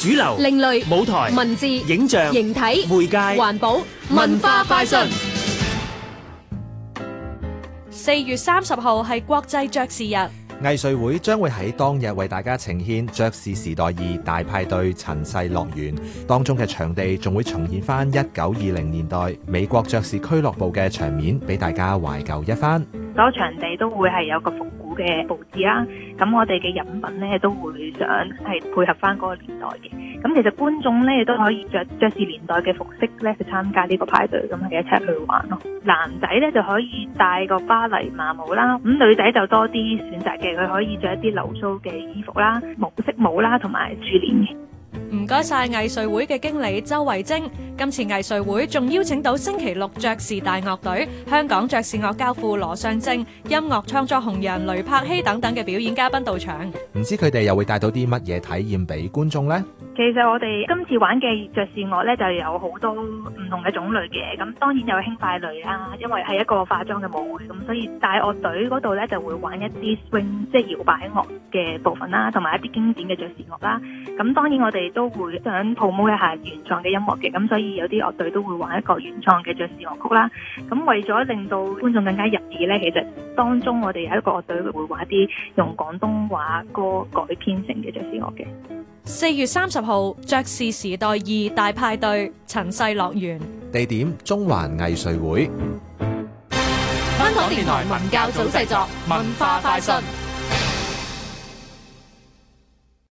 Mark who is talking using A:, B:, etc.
A: 主流、另類、
B: 舞台、文字、
A: 影像、形體、媒介、環保、文化快訊。4月30號係國際爵士日，
C: 藝穗會將會喺當日為大家呈現爵士時代二大派對陳世樂園。當中嘅場地仲會重現返1920年代美國爵士俱樂部嘅場面，俾大家懷舊一番。
B: 所有場地都會係有個復古嘅佈置啦，咁我哋嘅飲品咧都會想係配合翻嗰個年代嘅，咁其實觀眾咧都可以着爵士年代嘅服飾咧去參加呢個派對，咁係一齊去玩咯。男仔咧就可以戴個巴黎麻帽啦，咁女仔就多啲選擇嘅，佢可以着一啲流蘇嘅衣服啦、毛飾帽啦同埋珠鏈嘅。
A: 唔該晒藝穗會嘅經理周慧晶，今次藝穗會仲邀請到星期六爵士大樂隊、香港爵士樂教父羅尚正、音樂創作紅人雷柏熹等等嘅表演嘉賓到場。
C: 唔知佢哋又會帶到啲乜嘢體驗俾觀眾呢？
B: 其實我哋今次玩嘅爵士樂呢，就有好多唔同嘅種類嘅，咁當然有輕快類啦，因為係一個化妝嘅舞會，咁所以大樂隊嗰度呢就會玩一啲 swing，即係搖擺樂嘅部分啦，同埋一啲經典嘅爵士樂啦。咁當然我哋都。都會想 promo 一下原創嘅音樂嘅，咁所以有啲樂隊都會玩一個原創嘅爵士樂曲啦。咁為咗令到觀眾更加入耳呢，其實當中我哋有一個樂隊會玩啲用廣東話歌改編成嘅爵士樂嘅。
A: 四月三十號，爵士時代二大派對，塵世樂園，
C: 地點中環藝穗會。
A: 香港電台文教組
B: 製作，文化快訊。